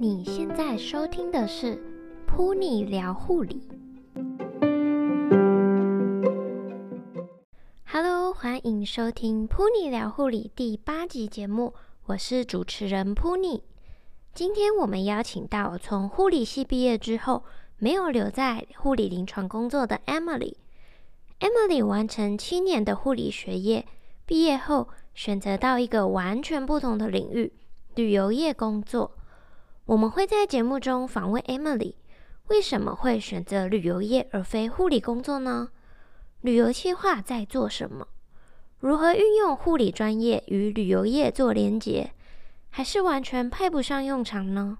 你現在收聽的是《Puni 聊護理》。Hello，歡迎收聽《Puni 聊護理》第八集節目，我是主持人 Puni。今天我們邀請到從護理系畢業之後，沒有留在護理臨床工作的 Emily。Emily 完成七年的護理學業。畢業後選擇到一個完全不同的領域——旅遊業工作。我們會在節目中訪問 Emily，為什麼會選擇旅遊業而非護理工作呢？旅遊企劃在做什麼？如何運用護理專業與旅遊業做連結，還是完全派不上用場呢？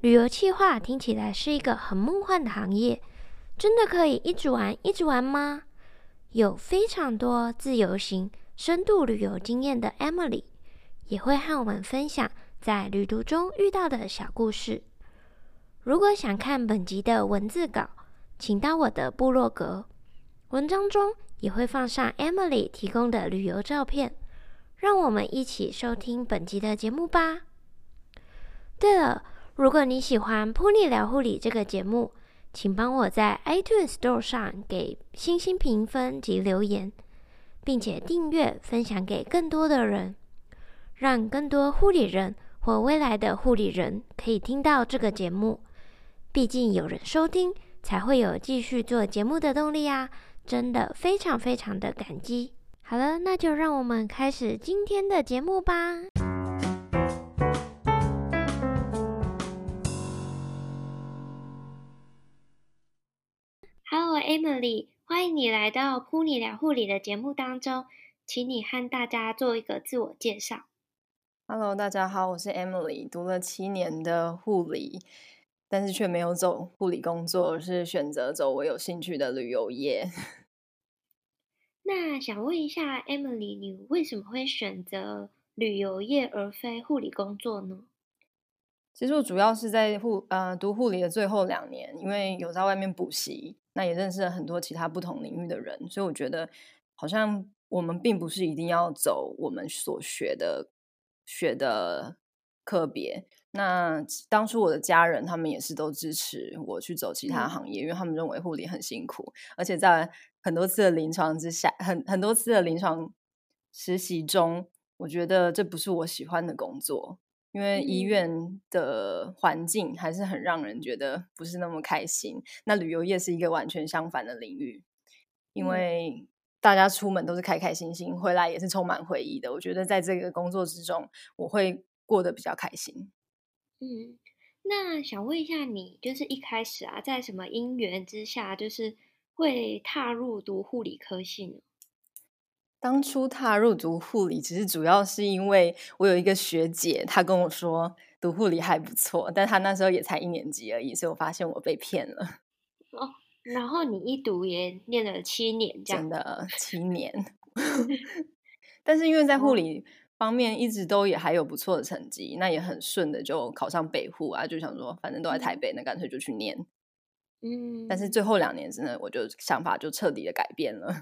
旅遊企劃聽起來是一個很夢幻的行業，真的可以一直玩一直玩嗎？有非常多自由行、深度旅遊經驗的 Emily，也會和我們分享在旅途中遇到的小故事。如果想看本集的文字稿，請到我的部落格。文章中也會放上 Emily 提供的旅遊照片。讓我們一起收聽本集的節目吧。對了，如果你喜歡 “Puni 聊護理”這個節目，請幫我在 iTunes Store 上給星星評分及留言，並且訂閱、分享給更多的人，讓更多護理人或未來的護理人可以聽到這個節目。畢竟有人收聽，才會有繼續做節目的動力啊！真的非常非常的感激。好了，那就讓我們開始今天的節目吧。Emily，歡迎你來到噗妮聊護理的節目當中，請你和大家做一個自我介紹。Hello，大家好，我是 Emily，讀了七年的護理，但是卻沒有走護理工作，而是選擇走我有興趣的旅遊業。 那想問一下，Emily，你為什麼會選擇旅遊業而非護理工作呢？其實我主要是在護呃讀護理的最後兩年，因為有在外面補習。那也認識了很多其他不同領域的人，所以我覺得好像我們並不是一定要走我們所學的學的科別。那當初我的家人他們也是都支持我去走其他行業，嗯，因為他們認為護理很辛苦，而且在很多次的臨床之下，很很多次的臨床實習中，我覺得這不是我喜歡的工作。因為醫院的環境還是很讓人覺得不是那麼開心。那旅遊業是一個完全相反的領域，因為大家出門都是開開心心，回來也是充滿回憶的。我覺得在這個工作之中，我會過得比較開心。嗯，那想問一下你，你就是一開始啊，在什麼因緣之下，就是會踏入讀護理科系呢？當初踏入讀護理，其實主要是因為我有一個學姐，她跟我說讀護理還不錯，但她那時候也才一年級而已，所以我發現我被騙了。哦，然後你一讀也念了七年這樣，真的七年。 但是因為在護理方面一直都也還有不錯的成績，哦，那也很順的就考上北護啊，就想說反正都在台北，那乾脆就去念。嗯。但是最後兩年真的，我就想法就徹底的改變了。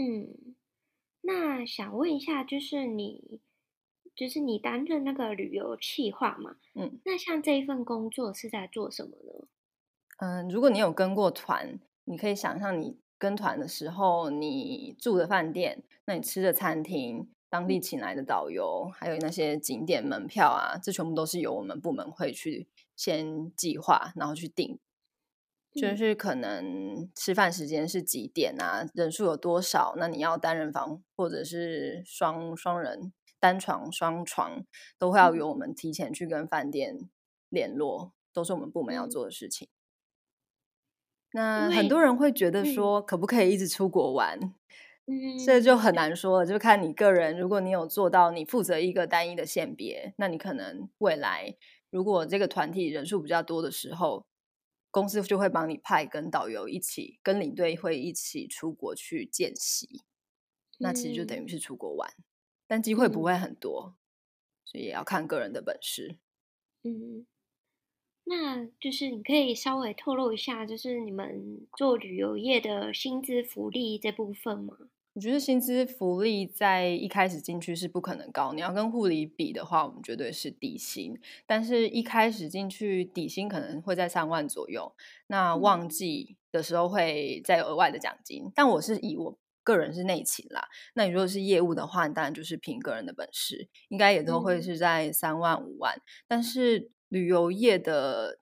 嗯。那想問一下，就是你，就是你擔任那個旅遊企劃嘛？嗯，那像這一份工作是在做什麼呢？嗯、呃，如果你有跟過團，你可以想象你跟團的時候，你住的飯店，那你吃的餐廳，當地請來的導遊、嗯，還有那些景點門票啊，這全部都是由我們部門會去先計劃，然後去訂。就是可能吃飯時間是幾點啊？嗯、人數有多少？那你要單人房或者是雙雙人單床、雙床，都會要由我們提前去跟飯店聯絡，都是我們部門要做的事情。嗯、那很多人會覺得說，可不可以一直出國玩？這、嗯、就很難說了，就看你個人。如果你有做到你負責一個單一的線別，那你可能未來如果這個團體人數比較多的時候。公司就會幫你派跟導遊一起跟領隊會一起出國去見習，嗯，那其實就等於是出國玩，但機會不會很多，嗯，所以也要看個人的本事。嗯，那就是你可以稍微透露一下，就是你們做旅遊業的薪資福利這部分嗎？我覺得薪資福利在一開始進去是不可能高，你要跟護理比的話，我們絕對是底薪。但是一開始進去底薪可能會在三萬左右，那旺季的時候會再有額外的獎金。嗯。但我是以我個人是內勤啦，那你如果是業務的話，當然就是憑個人的本事，應該也都會是在三萬五萬。嗯。但是旅遊業的。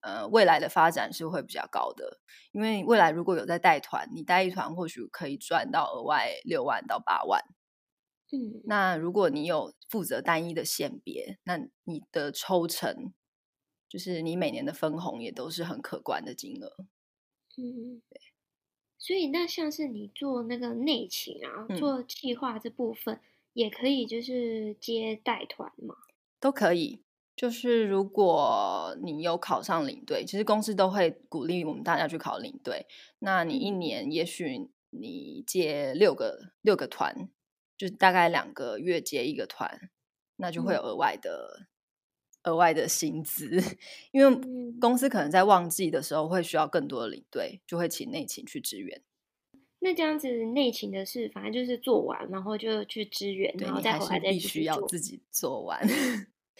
呃，未來的發展是會比較高的，因為未來如果有在帶團，你帶一團或許可以賺到額外六萬到八萬。嗯，那如果你有負責單一的線別，那你的抽成就是你每年的分紅也都是很可觀的金額。嗯，對。所以那像是你做那個內勤啊，做企劃這部分、嗯、也可以，就是接帶團嗎？都可以。就是如果你有考上領隊，其實公司都會鼓勵我們大家去考領隊。那你一年也許你接六個六個團，就大概兩個月接一個團，那就會有額外的，嗯，額外的薪資，因為公司可能在旺季的時候會需要更多的領隊，就會請內勤去支援。那這樣子內勤的事，反正就是做完，然後就去支援，然後再回來，還必須要自己做完。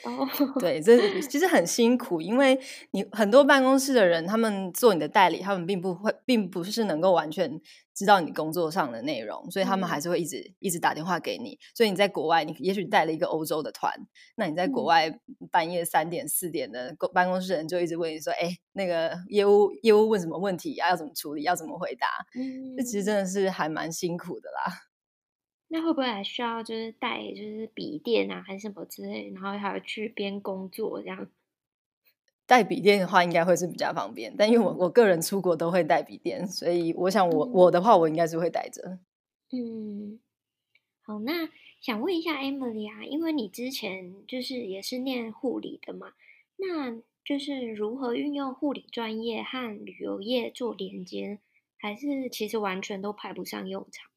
哦， 對，這其實很辛苦，因為你很多辦公室的人，他們做你的代理，他們並不會，並不是能夠完全知道你工作上的內容，所以他們還是會一直一直打電話給你。所以你在國外，你也許帶了一個歐洲的團，那你在國外半夜三點四點的辦公室人就一直問你說：“哎，那個業務業務問什麼問題呀？啊，要怎麼處理？要怎麼回答？”這其實真的是還蠻辛苦的啦。那會不會還需要就是帶就是筆電啊，還是什麼之類？然後還要去邊工作這樣？帶筆電的話，應該會是比較方便。但因為我我個人出國都會帶筆電，所以我想我、嗯、我的話，我應該是會帶着。嗯，好，那想問一下 Emily 啊，因為你之前就是也是念護理的嘛，那就是如何運用護理專業和旅遊業做連接，還是其實完全都派不上用場？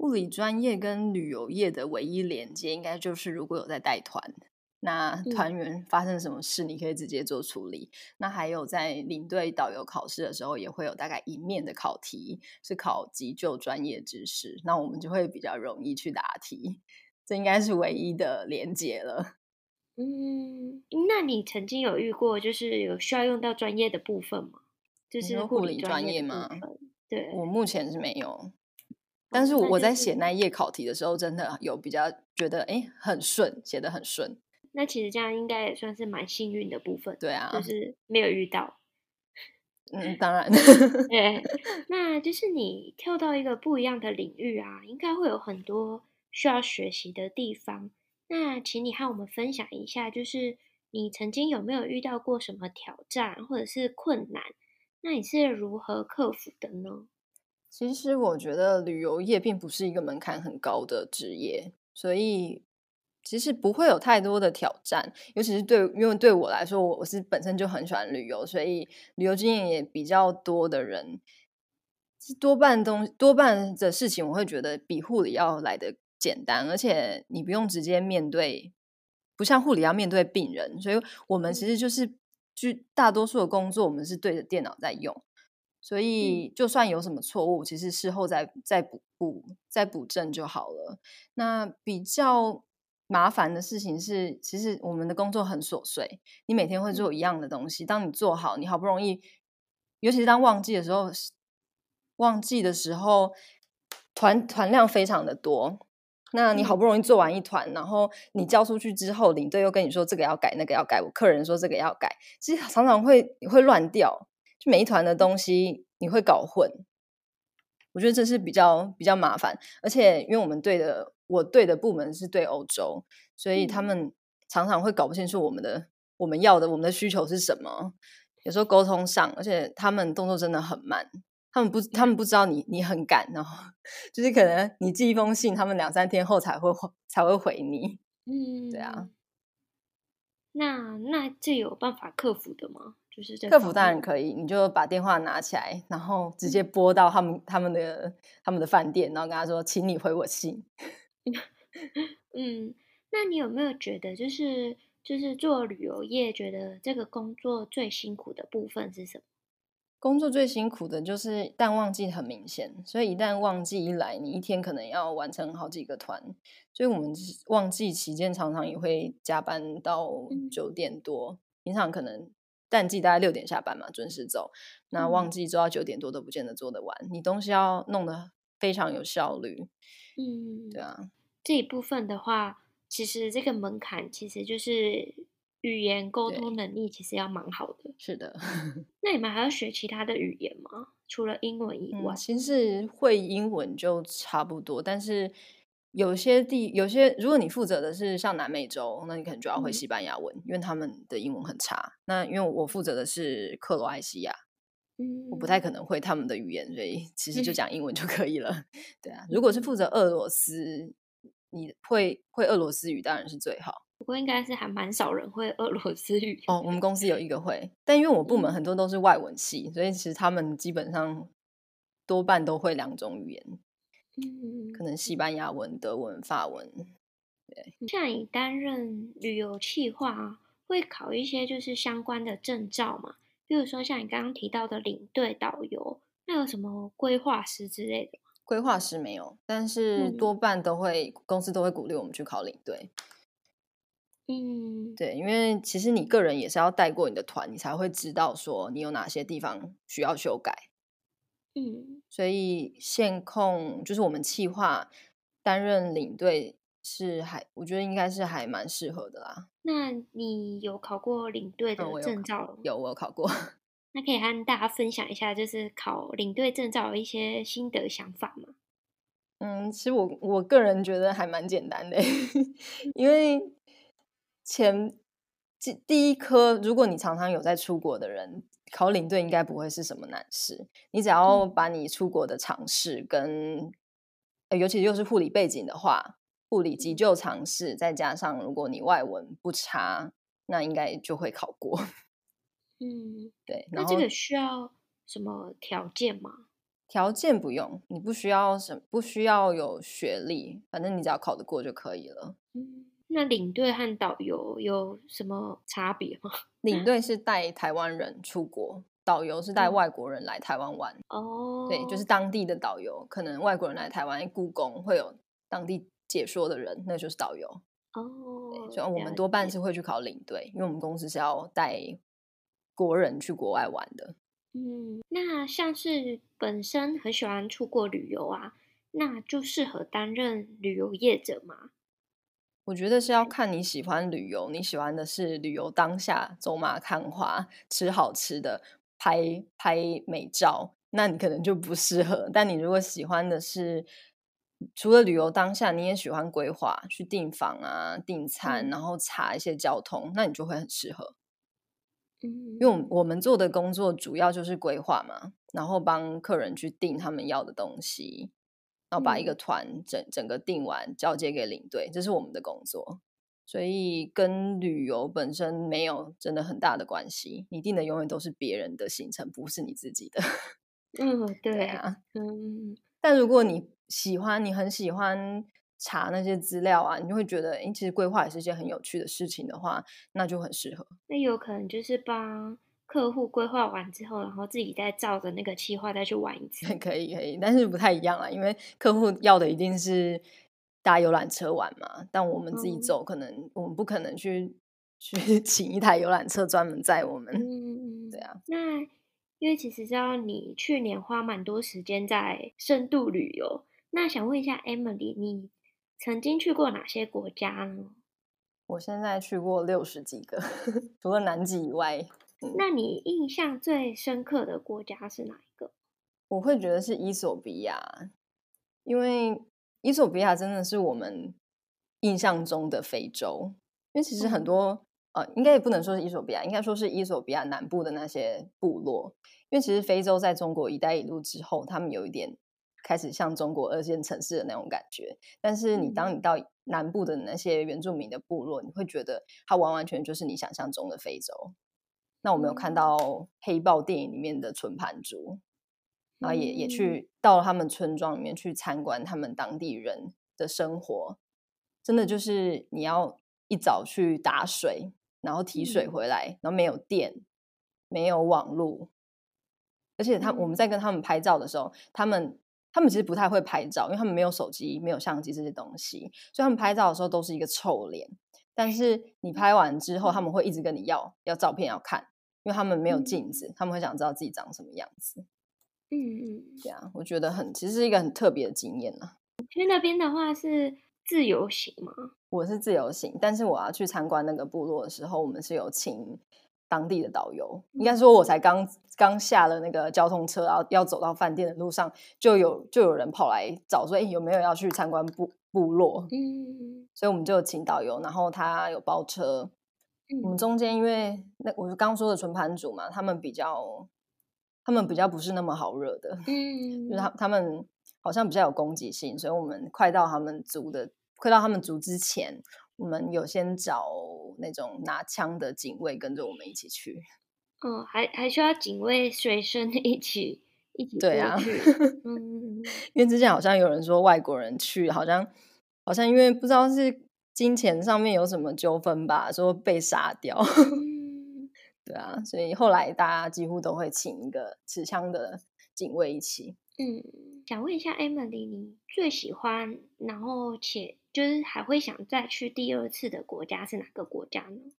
護理專業跟旅遊業的唯一連接，應該就是如果有在帶團，那團員發生什麼事，你可以直接做處理。嗯，那還有在領隊導遊考試的時候，也會有大概一面的考題是考急救專業知識，那我們就會比較容易去答題。這應該是唯一的連接了。嗯，那你曾經有遇過就是有需要用到專業的部分嗎？就是護理專業嗎？對，我目前是沒有。但是我在寫那頁考題的時候，真的有比較覺得哎、欸、很順，寫的很順。那其實這樣應該也算是蠻幸運的部分，對啊，就是沒有遇到。嗯，當然。 對，那就是你跳到一個不一樣的領域啊，應該會有很多需要學習的地方。那請你和我們分享一下，就是你曾經有沒有遇到過什麼挑戰或者是困難？那你是如何克服的呢？其實我覺得旅遊業並不是一個門檻很高的職業，所以其實不會有太多的挑戰。尤其是對，因為對我來說，我我是本身就很喜歡旅遊，所以旅遊經驗也比較多的人，是多半東多半的事情，我會覺得比護理要來得簡單，而且你不用直接面對，不像護理要面對病人。所以我們其實就是，就大多數的工作，我們是對着電腦在用。所以，就算有什麼錯誤，其實事後再再補補再補正就好了。那比較麻煩的事情是，其實我們的工作很瑣碎，你每天會做一樣的東西。當你做好，你好不容易，尤其是當旺季的時候，旺季的時候團團量非常的多。那你好不容易做完一團，然後你交出去之後，領隊又跟你說這個要改，那個要改，我客人說這個要改，其實常常會會亂掉。就每一團的東西你會搞混，我覺得這是比較比較麻煩。而且因為我們對的，我對的部門是對歐洲，所以他們常常會搞不清楚我們的、嗯、我們要的我們的需求是什麼，有時候溝通上，而且他們動作真的很慢，他們不他們不知道你、嗯、你很趕，然後就是可能你寄一封信，他們兩三天後才會才會回你，嗯，對啊，那那這有辦法克服的嗎？就是、客服當然可以，你就把電話拿起來，然後直接撥到他們他們的他們的飯店，然後跟他說：“請你回我信。 ”嗯，那你有沒有覺得，就是就是做旅遊業，覺得這個工作最辛苦的部分是什麼？工作最辛苦的就是淡旺季很明顯，所以一旦旺季一來，你一天可能要完成好幾個團，所以我們旺季期間常常也會加班到九點多、嗯，平常可能。但淡季大概六點下班嘛，準時走。那旺季做到九點多都不見得做得完，你東西要弄得非常有效率。嗯，對啊，這一部分的話，其實這個門檻其實就是語言溝通能力，其實要蠻好的。是的。那你們還要學其他的語言嗎？除了英文以外，嗯，其實會英文就差不多，但是。有些地，有些如果你負責的是像南美洲，那你可能就要會西班牙文，嗯，因為他們的英文很差。那因為我負責的是克羅埃西亞，嗯，我不太可能會他們的語言，所以其實就講英文就可以了。嗯、對啊，如果是負責俄羅斯，你會會俄羅斯語當然是最好。不過應該是還蠻少人會俄羅斯語。哦、oh，我們公司有一個會，但因為我部門很多都是外文系，嗯、所以其實他們基本上多半都會兩種語言。嗯，可能西班牙文、嗯、德文、法文，對。像你擔任旅遊企劃、啊、會考一些就是相關的證照嘛，比如說像你剛剛提到的領隊、導遊，那有什麼規劃師之類的嗎？規劃師沒有，但是多半都會、嗯、公司都會鼓勵我們去考領隊。嗯，對，因為其實你個人也是要帶過你的團，你才會知道說你有哪些地方需要修改。嗯，所以線控就是我們企劃擔任領隊是還，我覺得應該是還蠻適合的啦。那你有考過領隊的證照？哦，有，我有考過。 那可以和大家分享一下，就是考領隊證照一些心得想法嗎？嗯，其實我我個人覺得還蠻簡單的， 因為前。第一科，如果你常常有在出國的人考領隊，應該不會是什麼難事。你只要把你出國的常識跟，嗯，尤其又是護理背景的話，護理急救常識，再加上如果你外文不差，那應該就會考過。嗯，對。那這個需要什麼條件嗎？條件不用，你不需要什麼，不需要有學歷，反正你只要考得過就可以了。嗯。那領隊和導遊有什麼差別嗎？領隊是帶台灣人出國，導遊是帶外國人來台灣玩。哦、嗯，對，就是當地的導遊，可能外國人來台灣故宮會有當地解說的人，那就是導遊。哦，對，所以我們多半是會去考領隊，因為我們公司是要帶國人去國外玩的。嗯，那像是本身很喜歡出國旅遊啊，那就適合擔任旅遊業者嗎？我覺得是要看你喜歡旅遊，你喜歡的是旅遊當下走馬看花、吃好吃的、拍拍美照，那你可能就不適合。但你如果喜歡的是除了旅遊當下，你也喜歡規劃、去訂房啊、訂餐，然後查一些交通，那你就會很適合。嗯，因為我們做的工作主要就是規劃嘛，然後幫客人去訂他們要的東西。然後把一個團整整個定完，交接給領隊，這是我們的工作，所以跟旅遊本身沒有真的很大的關係。你定的永遠都是別人的行程，不是你自己的。嗯，對啊，嗯。但如果你喜歡，你很喜歡查那些資料啊，你就會覺得，哎，其實規劃也是一件很有趣的事情的話，那就很適合。那有可能就是吧。客戶規劃完之後，然後自己再照着那個計劃再去玩一次，可以可以，但是不太一樣了，因為客戶要的一定是搭遊覽車玩嘛，但我們自己走，嗯、可能我們不可能去去請一台遊覽車專門載我們，嗯、對啊。那因為其實知道你去年花蠻多時間在深度旅遊，那想問一下 Emily，你曾經去過哪些國家呢？我現在去過六十幾個，除了南極以外。那你印象最深刻的國家是哪一個？我會覺得是伊索比亞，因為伊索比亞真的是我們印象中的非洲。因為其實很多、哦、呃，應該也不能說是伊索比亞，應該說是伊索比亞南部的那些部落。因為其實非洲在中國一帶一路之後，他們有一點開始像中國二線城市的那種感覺。但是你當你到南部的那些原住民的部落，嗯、你會覺得它完完全就是你想象中的非洲。那我們有看到黑豹電影裡面的存盤族，然後也也去到了他們村莊裡面去參觀他們當地人的生活，真的就是你要一早去打水，然後提水回來，然後沒有電，沒有網絡，而且他們我們在跟他們拍照的時候，他們他們其實不太會拍照，因為他們沒有手機，沒有相機這些東西，所以他們拍照的時候都是一個臭臉。但是你拍完之後，他們會一直跟你要要照片要看。因為他們沒有鏡子、嗯，他們會想知道自己長什麼樣子。嗯嗯，對啊，我覺得很，其實是一個很特別的經驗啊。去那邊的話是自由行嗎？我是自由行，但是我要去參觀那個部落的時候，我們是有請當地的導遊、嗯。應該說我才剛剛下了那個交通車，然後要走到飯店的路上，就有就有人跑來找說：“哎、欸，有沒有要去參觀部部落？”嗯，所以我們就請導遊，然後他有包車。嗯、我們中間因為那我是剛說的純盤組嘛，他們比較，他們比較不是那麼好惹的，嗯，就是他他們好像比較有攻擊性，所以我們快到他們組的快到他們組之前，我們有先找那種拿槍的警衛跟着我們一起去。哦，還還需要警衛隨身一起一起，對啊。 因為之前好像有人說外國人去，好像好像因為不知道是。金錢上面有什麼糾紛吧？說被殺掉，嗯、 對啊，所以後來大家幾乎都會請一個持槍的警衛一起。嗯，想問一下 Emily，你最喜歡，然後且就是還會想再去第二次的國家是哪個國家呢？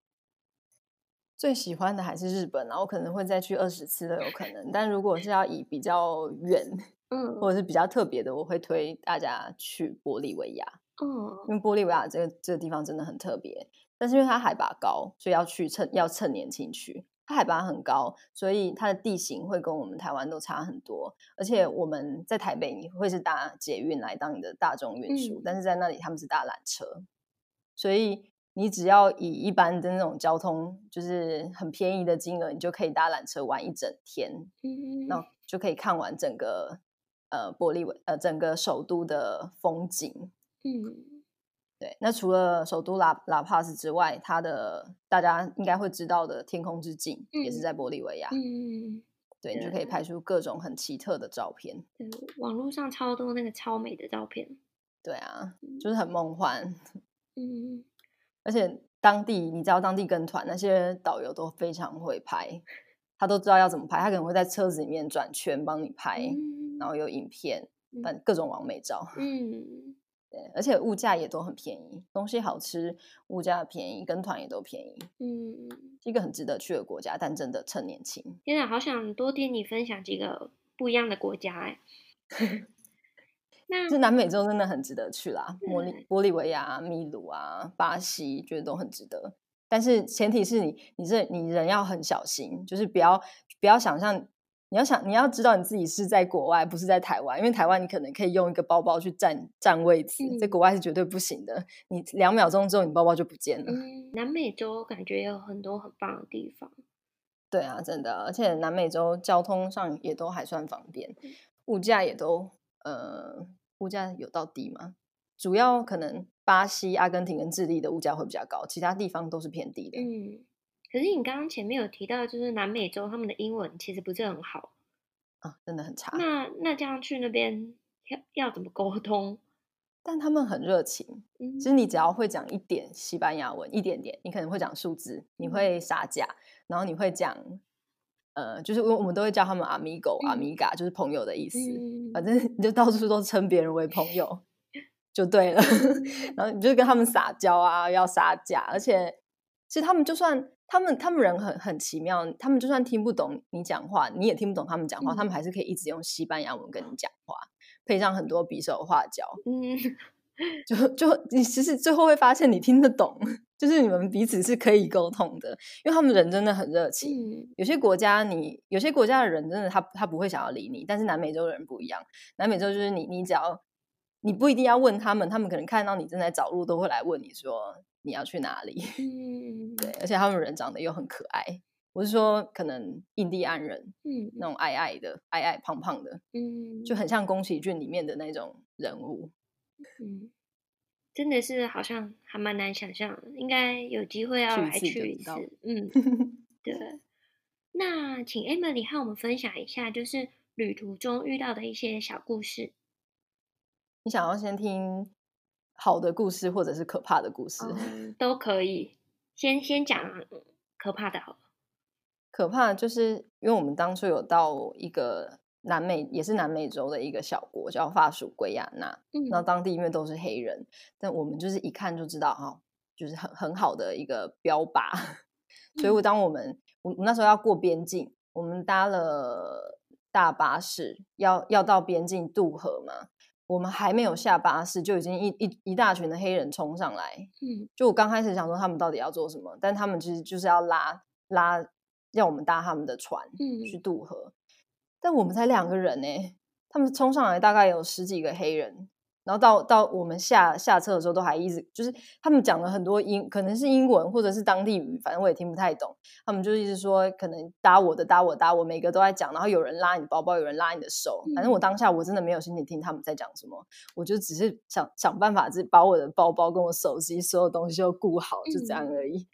最喜歡的還是日本，啊，然後可能會再去二十次都有可能。但如果是要以比較遠，嗯，或者是比較特別的，我會推大家去玻利維亞。嗯，因為玻利維亞這個這個地方真的很特別，但是因為它海拔高，所以要去趁要趁年輕去。它海拔很高，所以它的地形會跟我們台灣都差很多。而且我們在台北你會是搭捷運來當你的大眾運輸。嗯，但是在那裡他們是搭纜車，所以你只要以一般的那種交通，就是很便宜的金額，你就可以搭纜車玩一整天。嗯，那就可以看完整個呃玻利維呃整個首都的風景。嗯，對，那除了首都拉拉帕斯之外，它的大家應該會知道的天空之鏡、嗯、也是在玻利維亞。嗯，對，你就可以拍出各種很奇特的照片。網絡上超多那個超美的照片。對啊，就是很夢幻嗯。嗯，而且當地你知道，當地跟團那些導遊都非常會拍，他都知道要怎麼拍，他可能會在車子裡面轉圈幫你拍、嗯，然後有影片，反、嗯、正各種完美照。嗯。嗯而且物價也都很便宜，東西好吃，物價便宜，跟團也都便宜，嗯，是一個很值得去的國家。但真的趁年輕，天啊，好想多聽你分享幾個不一樣的國家哎，欸。 那南美洲真的很值得去啦，玻利玻利維亞、啊、秘魯啊、巴西，覺得都很值得。但是前提是你，你這你人要很小心，就是不要不要想象。你要想，你要知道你自己是在國外，不是在台灣，因為台灣你可能可以用一個包包去占占位置，嗯，在國外是絕對不行的。你兩秒鐘之後，你包包就不見了。嗯。南美洲感覺也有很多很棒的地方，對啊，真的，而且南美洲交通上也都還算方便，物價也都呃，物價有到低嗎？主要可能巴西、阿根廷跟智利的物價會比較高，其他地方都是偏低的。嗯。可是你剛剛前面有提到，就是南美洲他們的英文其實不是很好啊，真的很差。那那這樣去那邊要要怎麼溝通？但他們很熱情、嗯，其實你只要會講一點西班牙文，一點點，你可能會講數字，你會撒嬌，嗯、然後你會講，呃，就是我們都會叫他們阿米狗、阿米嘎，就是朋友的意思、嗯。反正你就到處都稱別人為朋友 就對了， 然後你就跟他們撒嬌啊，要撒嬌，而且其實他們就算。他們他們人很很奇妙，他們就算聽不懂你講話，你也聽不懂他們講話、嗯，他們還是可以一直用西班牙文跟你講話，配上很多比手畫腳，嗯，就就你其實最後會發現你聽得懂，就是你們彼此是可以溝通的，因為他們人真的很熱情、嗯。有些國家你有些國家的人真的他他不會想要理你，但是南美洲的人不一樣，南美洲就是你你只要你不一定要問他們，他們可能看到你正在找路都會來問你說。你要去哪裡？嗯，對，而且他們人長得又很可愛，我是說，可能印第安人，嗯，那種矮矮的、矮矮胖、胖胖的，嗯，就很像宮崎駿裡面的那種人物，嗯，真的是好像還蠻難想象，應該有機會要來去一次，一次，嗯，對。 那請 Emily 和我們分享一下，就是旅途中遇到的一些小故事。你想要先聽？好的故事或者是可怕的故事？哦，都可以，先先講可怕的好。可怕就是因為我們當初有到一個南美，也是南美洲的一個小國叫法屬圭亞那，然後當地因為都是黑人，但我們就是一看就知道哈，哦，就是很很好的一個標靶。 所以，我當我們、嗯、我我那時候要過邊境，我們搭了大巴士，要要到邊境渡河嘛。我們還沒有下巴士，就已經一一一大群的黑人衝上來。嗯，就我剛開始想說他們到底要做什麼，但他們其實就是要拉拉，要我們搭他們的船去渡河。嗯，但我們才兩個人呢，欸。他們衝上來大概有十幾個黑人。然後到到我們下下車的時候，都還一直就是他們講了很多英，可能是英文或者是當地語，反正我也聽不太懂。他們就一直說，可能搭我的搭我搭我，每個都在講。然後有人拉你包包，有人拉你的手、嗯，反正我當下我真的沒有心情聽他們在講什麼，我就只是想想辦法，把我的包包跟我手機所有東西都顧好，就這樣而已。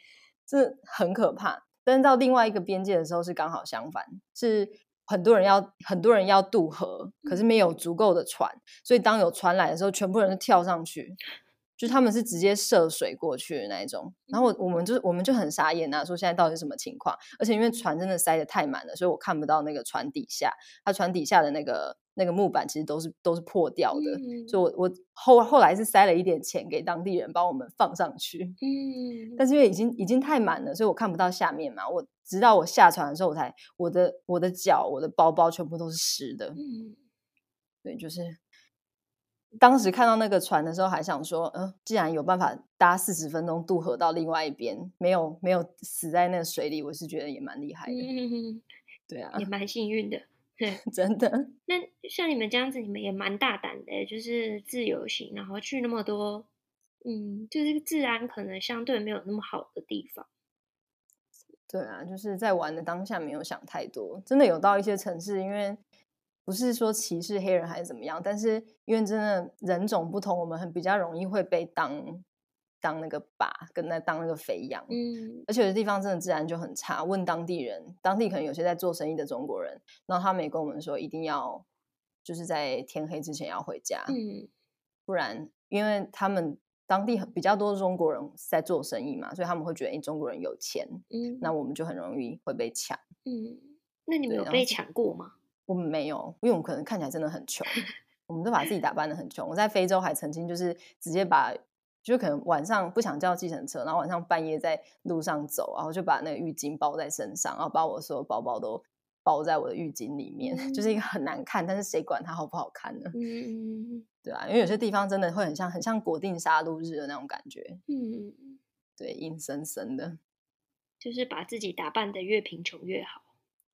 這、嗯、很可怕。但是到另外一個邊界的時候，是剛好相反，是。很多人要，很多人要渡河，可是沒有足夠的船，所以當有船來的時候，全部人都跳上去，就他們是直接涉水過去的那一種。然後我們就我們就很傻眼啊，說現在到底是什麼情況？而且因為船真的塞得太滿了，所以我看不到那個船底下，它船底下的那個。那個木板其實都是都是破掉的，嗯、所以我我後後來是塞了一點錢給當地人幫我們放上去。嗯，但是因為已經已經太滿了，所以我看不到下面嘛。我直到我下船的時候我，我才我的我的腳、我的包包全部都是濕的。嗯，對，就是當時看到那個船的時候，還想說，嗯、呃，既然有辦法搭四十分鐘渡河到另外一邊，沒有沒有死在那個水裡，我是覺得也蠻厲害的、嗯。對啊，也蠻幸運的。 真的。那像你們這樣子，你們也蠻大膽的，就是自由行，然後去那麼多，嗯，就是治安可能相對沒有那麼好的地方。對啊，就是在玩的當下沒有想太多，真的有到一些城市，因為不是說歧視黑人還是怎麼樣，但是因為真的人種不同，我們很比較容易會被當。當那個靶，跟那當那個肥羊，嗯，而且有的地方真的治安就很差。問當地人，當地可能有些在做生意的中國人，然後他們也跟我們說一定要就是在天黑之前要回家，嗯，不然因為他們當地很比較多的中國人在做生意嘛，所以他們會覺得，哎、欸，中國人有錢，嗯，那我們就很容易會被搶，嗯，那你們有，有被搶過嗎？我們沒有，因為我們可能看起來真的很窮， 我們都把自己打扮得很窮。我在非洲還曾經就是直接把。就可能晚上不想叫計程車，然後晚上半夜在路上走，然後就把那個浴巾包在身上，然後把我所有包包都包在我的浴巾裡面、嗯，就是一個很難看，但是誰管它好不好看呢？嗯，對吧、啊？因為有些地方真的會很像，很像國定殺戮日的那種感覺。嗯，對，陰森森的，就是把自己打扮得越貧窮越好。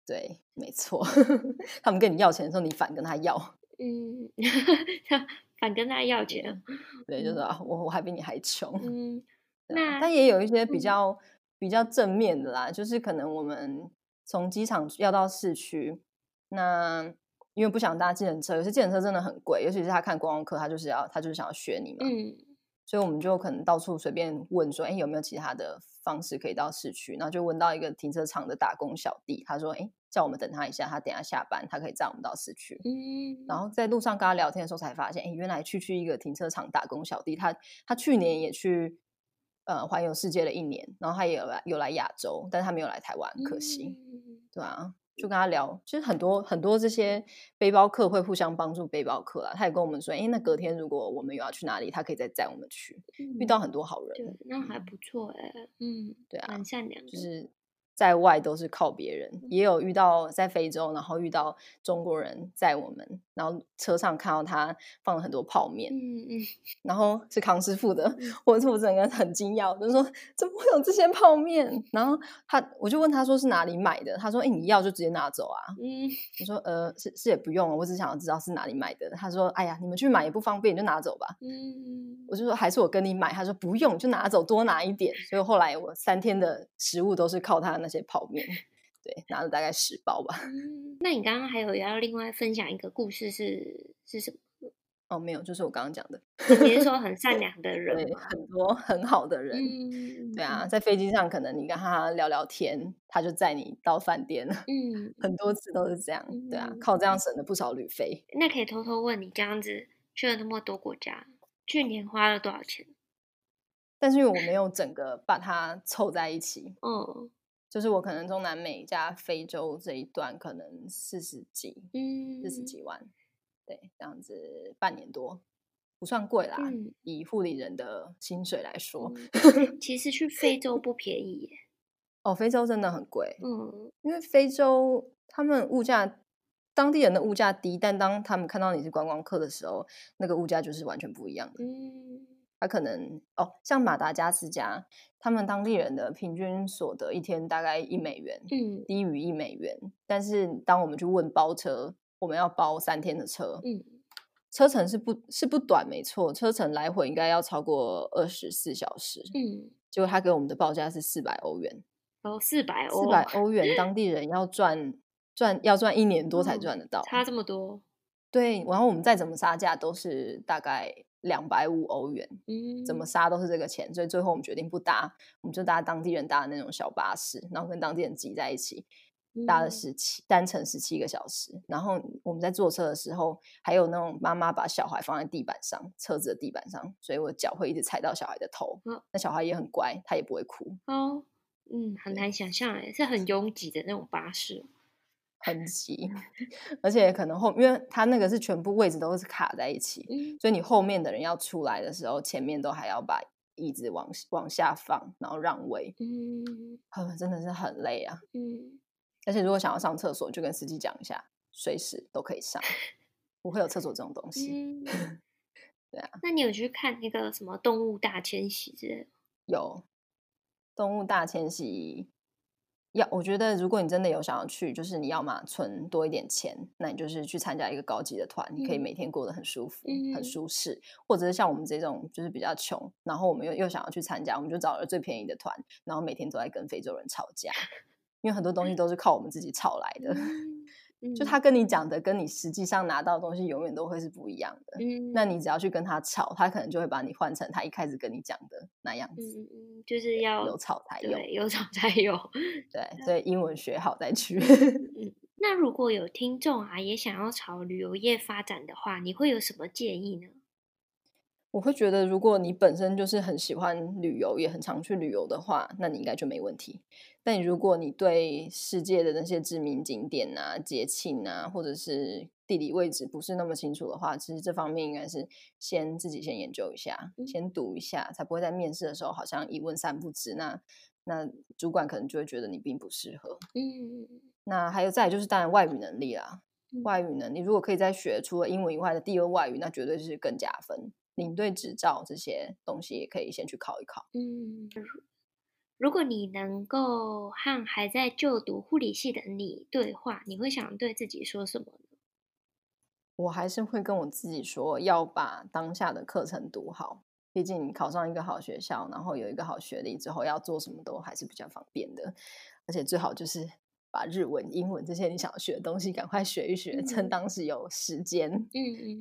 對，沒錯。 他們跟你要錢的時候，你反跟他要。嗯。 反跟大家要錢，對，就是、啊嗯、我我還比你還窮。嗯，對，那但也有一些比較、嗯、比較正面的啦，就是可能我們從機場要到市區，那因為不想搭計程車，有些計程車真的很貴，尤其是他看觀光客，他就是要他就是想要學你嘛，嗯，所以我們就可能到處隨便問說，哎、欸，有沒有其他的方式可以到市區？然後就問到一個停車場的打工小弟，他說，哎、欸。叫我們等他一下，他等一下下班，他可以載我們到市區。然後在路上跟他聊天的時候才發現，哎、欸，原來區區一個停車場打工小弟，他他去年也去呃環遊世界了一年，然後他也來有來亞洲，但是他沒有來台灣，可惜，對啊，就跟他聊，其實很多很多這些背包客會互相幫助背包客啊，他也跟我們說，哎、欸，那隔天如果我們有要去哪裡，他可以再載我們去。遇到很多好人，嗯嗯、對，那還不錯哎，嗯，對啊，蠻善良，就是。在外都是靠別人，也有遇到在非洲，然後遇到中國人載我們。然後車上看到他放了很多泡麵，嗯嗯，然後是康師傅的，我我整個人很驚訝，我就說怎麼會有這些泡麵？然後他我就問他說是哪裡買的？他說哎、欸、你要就直接拿走啊，嗯，我說呃是是也不用，我只想要知道是哪裡買的。他說哎呀你們去買也不方便，你就拿走吧，嗯，我就說還是我跟你買。他說不用就拿走，多拿一點。所以後來我三天的食物都是靠他的那些泡麵。對，拿了大概十包吧，嗯。那你剛剛還有要另外分享一個故事是是什麼？哦，沒有，就是我剛剛講的，你是說很善良的人， 對，很多很好的人，嗯，對啊，在飛機上可能你跟他聊聊天，他就載你到飯店了，嗯， 很多次都是這樣，嗯，對啊，靠這樣省了不少旅費、嗯。那可以偷偷問你，這樣子去了那麼多國家，去年花了多少錢？但是因為我沒有整個把它湊在一起，嗯。哦就是我可能中南美加非洲這一段，可能四十幾，嗯，四十幾萬，對，這樣子半年多，不算貴啦。嗯，以護理人的薪水來說，嗯， 其實去非洲不便宜耶。哦，非洲真的很貴，嗯，因為非洲他們物價，當地人的物價低，但當他們看到你是觀光客的時候，那個物價就是完全不一樣的，嗯。他可能哦，像馬達加斯加，他們當地人的平均所得一天大概一美元，嗯，低於一美元。但是當我們去問包車，我們要包三天的車，嗯，車程是不，是不短，沒錯，車程來回應該要超過二十四小時，嗯，結果他給我們的報價是四百歐元，哦，四百歐，四百歐元，當地人要賺 賺要賺一年多才賺得到，哦，差這麼多，對，然後我們再怎麼殺價都是大概。兩百五歐元，嗯，怎麼殺都是這個錢，嗯，所以最後我們決定不搭，我們就搭當地人搭的那種小巴士，然後跟當地人擠在一起，搭了十七，單程十七個小時。然後我們在坐車的時候，還有那種媽媽把小孩放在地板上，車子的地板上，所以我腳會一直踩到小孩的頭，哦。那小孩也很乖，他也不會哭。哦，嗯，很難想象，欸，是很擁擠的那種巴士。很急，而且可能後，因為他那個是全部位置都是卡在一起，嗯、所以你後面的人要出來的時候，前面都還要把椅子往往下放，然後讓位。嗯，真的是很累啊。嗯，而且如果想要上廁所，就跟司機講一下，隨時都可以上，不會有廁所這種東西。嗯、 對啊。那你有去看那個什麼動物大遷徙之類的？有，動物大遷徙。要我覺得，如果你真的有想要去，就是你要嘛存多一點錢，那你就是去參加一個高級的團，你可以每天過得很舒服，嗯、很舒適。或者是像我們這種，就是比較窮，然後我們又又想要去參加，我們就找了最便宜的團，然後每天都在跟非洲人吵架，因為很多東西都是靠我們自己吵來的。嗯 就他跟你講的，嗯，跟你實際上拿到的東西永遠都會是不一樣的。嗯，那你只要去跟他吵，他可能就會把你換成他一開始跟你講的那樣子。嗯嗯，就是要有吵才有，對，有吵才有。對，所以英文學好再去。嗯，那如果有聽眾啊，也想要朝旅遊業發展的話，你會有什麼建議呢？我會覺得，如果你本身就是很喜歡旅遊，也很常去旅遊的話，那你應該就沒問題。但如果你對世界的那些知名景點啊、節慶啊，或者是地理位置不是那麼清楚的話，其實這方面應該是先自己先研究一下，嗯、先讀一下，才不會在面試的時候好像一問三不知。那那主管可能就會覺得你並不適合。嗯，那還有再就是當然外語能力啦，嗯、外語能力如果可以再學除了英文以外的第二外語，那絕對是更加分。領隊執照這些東西也可以先去考一考。嗯,如果你能夠和還在就讀護理系的你對話，你會想對自己說什麼？我還是會跟我自己說，要把當下的課程讀好。畢竟考上一個好學校，然後有一個好學歷之後，要做什麼都還是比較方便的。而且最好就是把日文、英文這些你想要學的東西趕快學一學，嗯，趁當時有時間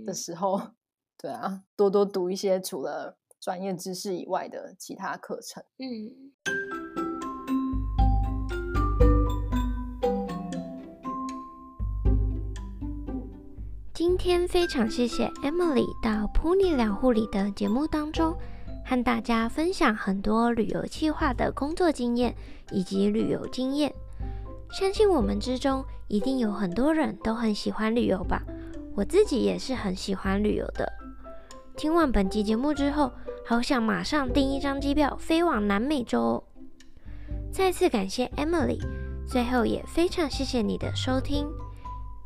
的時候。嗯嗯嗯對啊，多多讀一些除了專業知識以外的其他課程。嗯，今天非常謝謝 Emily 到噗妮聊護理的節目當中，和大家分享很多旅遊企劃的工作經驗以及旅遊經驗。相信我們之中一定有很多人都很喜歡旅遊吧？我自己也是很喜歡旅遊的。聽完本集節目之後，好想馬上訂一張機票飛往南美洲哦。再次感謝 Emily，最後也非常謝謝你的收聽，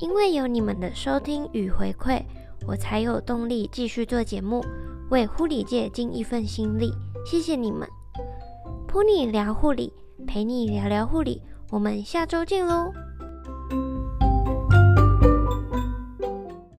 因為有你們的收聽與回饋，我才有動力繼續做節目，為護理界盡一份心力。謝謝你們，噗妮聊護理，陪你聊聊護理，我們下週見嘍。